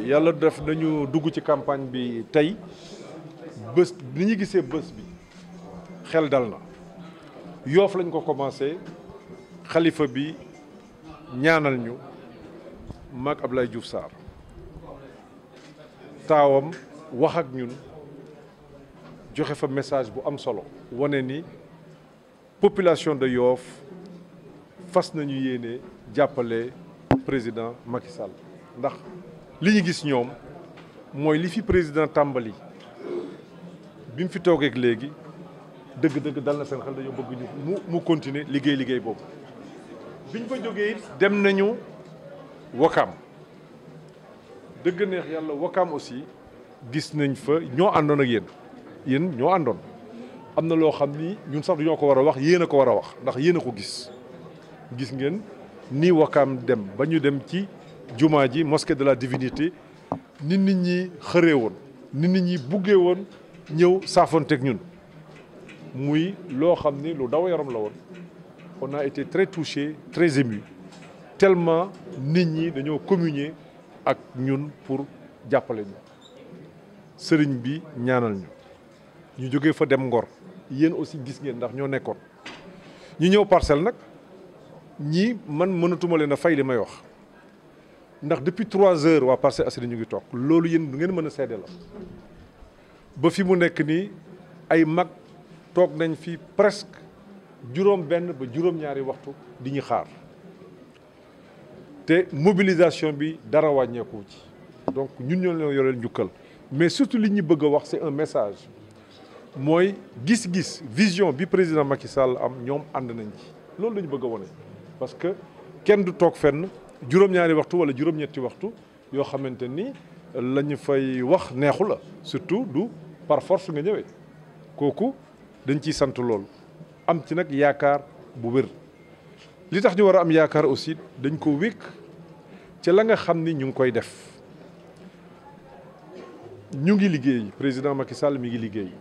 yalla def nañu dugg ci campagne bi tey bés ni ñu gisee bés bi xel dal na yoof lañ ko commencé Khalifa bi ñaanal ñu Diouf sar tawam wax ak ñun joxe fa message bu am solo woné ni population de Yoff fas nañu yéene jappalé président Macky Sall ndax li ñu gis ñoom mooy li fi président Tambali, bi mu fi toogeek léegi dëgg-dëgg dal na seen xel dañoo bëgg mu mu continuer liggéey liggéey boobu biñ fa jógee dem nañu wakam, dëgg neex yàlla wakam aussi gis nañ fa ñoo andon ak yéen yéen ñoo àndoon am na loo xam ni ñun sax duñoo ko wara a wax yéen a ko war wax ndax yéen a ko gis gis ngeen ni wakam dem ba dem ci jumaa ji mosquée de la divinité ni nit ñi xëree woon ni nit ñi buggee woon ñëw saafonteeg ñun muy loo xam ni lu daw yaram la woon on a été très touché très ému tellement nit ñi dañoo communier ak ñun pour jàppale ñu sëriñ bi ñaanal ñu ñu jógee fa dem Ngor yéen aussi gis ngeen ndax ñoo nekkoon ñu ñëw parcelle nag man mënatuma leen a fay li may wax ndax depuis 3 heures waa Parcelles Assainies ñu ngi tok lolu yeen du ngeen mën a la ba fi mu nek ni ay mag tok nañ fi presque juróom ben ba juróom-ñaari waxtu di ñu xaar té mobilisation bi dara wàññeeku ci donc ñun ñoo leen yoreel ñukkal mais surtout li ñi bëgg wax c'est un message moy gis-gis vision bi président Macky Sall am ñom and nañ ci lolu la ñu bëgg woné parce que kenn du tok fenn juróom-ñaari waxtu wala juróom-ñetti waxtu yoo xamante ni la ñu fay wax neexu la surtout du par force nga ñëwee kooku dañ ciy sant lool am ci nag yaakaar bu wér li tax ñu war a am yaakaar aussi dañ ko wékk ci la nga xam ni ñu ngi koy def ñu ngi liggéey président Macky Sall mi ngi liggéey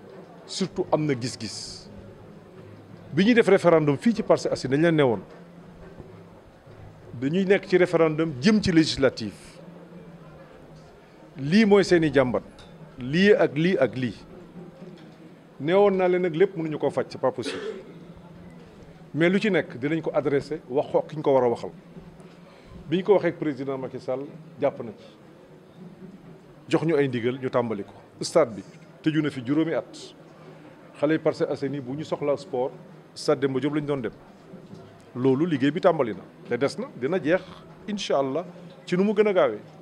surtout am na gis-gis bi ñuy def référendum fii ci Parcelles Assainies dañ leen ne woon dañuy nekk ci référendum jëm ci législative lii mooy seeni jàmbat lii ak lii ak lii neewoon naa leen nag lépp mënuñu ko faj c'est pas possible mais lu ci nekk dinañ ko adressé wax ko ki ñu ko war a waxal bi ñu ko waxee ak président Macky Sall jàpp na ci jox ñu ay ndigal ñu tàmbali ko. stade bi tëju na fi juróomi at xale yi Parcelles Assainies bu ñu soxla sport stade Demba Diop la ñu doon dem. loolu liggéey bi tàmbali na te des na dina jeex incha allah ci nu mu gën a gaawee.